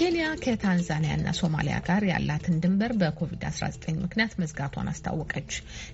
ኬንያ ከታንዛኒያና ሶማሊያ ጋር ያላትን ድንበር በኮቪድ-19 ምክንያት መዝጋቷን አስታወቀች።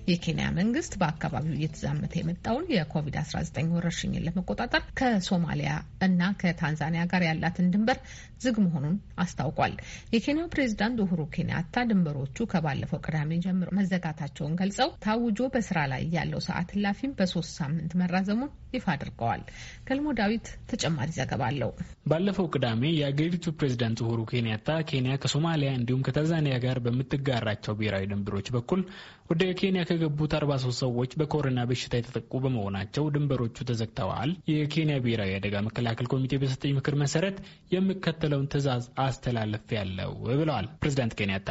የኬንያ መንግስት በአካባቢው እየተዛመተ የመጣውን የኮቪድ-19 ወረርሽኝን ለመቆጣጠር ከሶማሊያ እና ከታንዛኒያ ጋር ያላትን ድንበር ዝግ መሆኑን አስታውቋል። የኬንያው ፕሬዚዳንት ኡሁሩ ኬንያታ ድንበሮቹ ከባለፈው ቅዳሜ ጀምሮ መዘጋታቸውን ገልጸው ታውጆ በስራ ላይ ያለው ሰዓት እላፊም በሶስት ሳምንት መራዘሙን ይፋ አድርገዋል። ገልሞ ዳዊት ተጨማሪ ዘገባ አለው። ባለፈው ቅዳሜ የአገሪቱ ፕሬዚዳንት ፕሬዚደንት ኡሁሩ ኬንያታ ኬንያ ከሶማሊያ እንዲሁም ከታንዛኒያ ጋር በምትጋራቸው ብሔራዊ ድንበሮች በኩል ወደ ኬንያ ከገቡት 43 ሰዎች በኮሮና በሽታ የተጠቁ በመሆናቸው ድንበሮቹ ተዘግተዋል። የኬንያ ብሔራዊ አደጋ መከላከል ኮሚቴ በሰጠኝ ምክር መሰረት የሚከተለውን ትዕዛዝ አስተላለፍ ያለው ብለዋል ፕሬዚዳንት ኬንያታ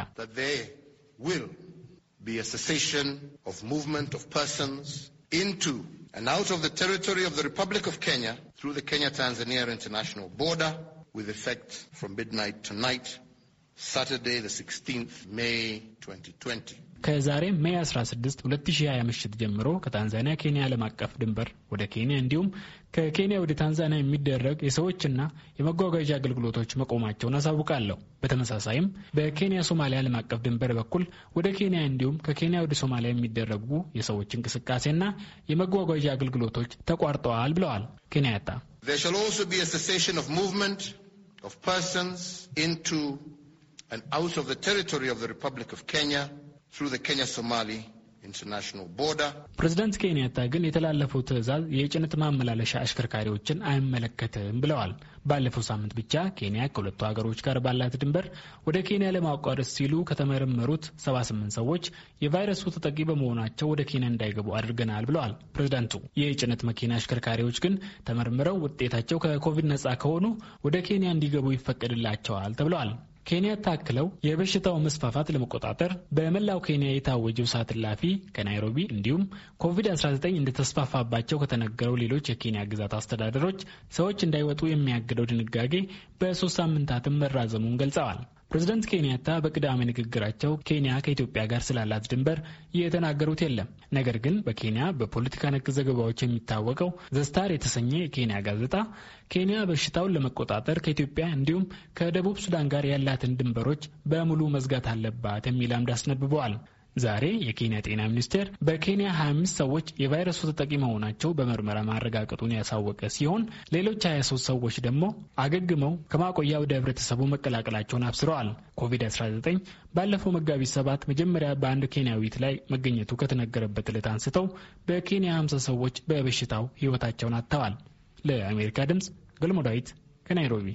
be a cessation of movement of persons into and out of the territory of the Republic of Kenya through the Kenya-Tanzania international border with effect from midnight tonight, Saturday the 16th May 2020. ከዛሬ ሜይ 16 2020 ምሽት ጀምሮ ከታንዛኒያ ኬንያ ዓለም አቀፍ ድንበር ወደ ኬንያ እንዲሁም ከኬንያ ወደ ታንዛኒያ የሚደረግ የሰዎችና የመጓጓዣ አገልግሎቶች መቆማቸውን አሳውቃለሁ። በተመሳሳይም በኬንያ ሶማሊያ ዓለም አቀፍ ድንበር በኩል ወደ ኬንያ እንዲሁም ከኬንያ ወደ ሶማሊያ የሚደረጉ የሰዎች እንቅስቃሴና የመጓጓዣ አገልግሎቶች ተቋርጠዋል ብለዋል ኬንያታ of persons into and out of the territory of the Republic of Kenya through the Kenya Somali ፕሬዚዳንት ኬንያታ ግን የተላለፈው ትዕዛዝ የጭነት ማመላለሻ አሽከርካሪዎችን አይመለከትም ብለዋል። ባለፈው ሳምንት ብቻ ኬንያ ከሁለቱ ሀገሮች ጋር ባላት ድንበር ወደ ኬንያ ለማቋረጥ ሲሉ ከተመረመሩት 78 ሰዎች የቫይረሱ ተጠቂ በመሆናቸው ወደ ኬንያ እንዳይገቡ አድርገናል ብለዋል ፕሬዚዳንቱ። የጭነት መኪና አሽከርካሪዎች ግን ተመርምረው ውጤታቸው ከኮቪድ ነጻ ከሆኑ ወደ ኬንያ እንዲገቡ ይፈቀድላቸዋል ተብለዋል። ኬንያታ አክለው የበሽታው መስፋፋት ለመቆጣጠር በመላው ኬንያ የታወጀው ሰዓት እላፊ ከናይሮቢ እንዲሁም ኮቪድ-19 እንደተስፋፋባቸው ከተነገረው ሌሎች የኬንያ ግዛት አስተዳደሮች ሰዎች እንዳይወጡ የሚያግደው ድንጋጌ በሶስት ሳምንታትም መራዘሙን ገልጸዋል። ፕሬዚደንት ኬንያታ በቅዳሜ ንግግራቸው ኬንያ ከኢትዮጵያ ጋር ስላላት ድንበር የተናገሩት የለም። ነገር ግን በኬንያ በፖለቲካ ነክ ዘገባዎች የሚታወቀው ዘስታር የተሰኘ የኬንያ ጋዜጣ ኬንያ በሽታውን ለመቆጣጠር ከኢትዮጵያ እንዲሁም ከደቡብ ሱዳን ጋር ያላትን ድንበሮች በሙሉ መዝጋት አለባት የሚል አምድ አስነብበዋል። ዛሬ የኬንያ ጤና ሚኒስቴር በኬንያ 25 ሰዎች የቫይረሱ ተጠቂ መሆናቸው በምርመራ ማረጋገጡን ያሳወቀ ሲሆን ሌሎች 23 ሰዎች ደግሞ አገግመው ከማቆያ ወደ ህብረተሰቡ መቀላቀላቸውን አብስረዋል። ኮቪድ-19 ባለፈው መጋቢት ሰባት መጀመሪያ በአንድ ኬንያዊት ላይ መገኘቱ ከተነገረበት ዕለት አንስተው በኬንያ 50 ሰዎች በበሽታው ህይወታቸውን አጥተዋል። ለአሜሪካ ድምፅ ገልሞ ዳዊት ከናይሮቢ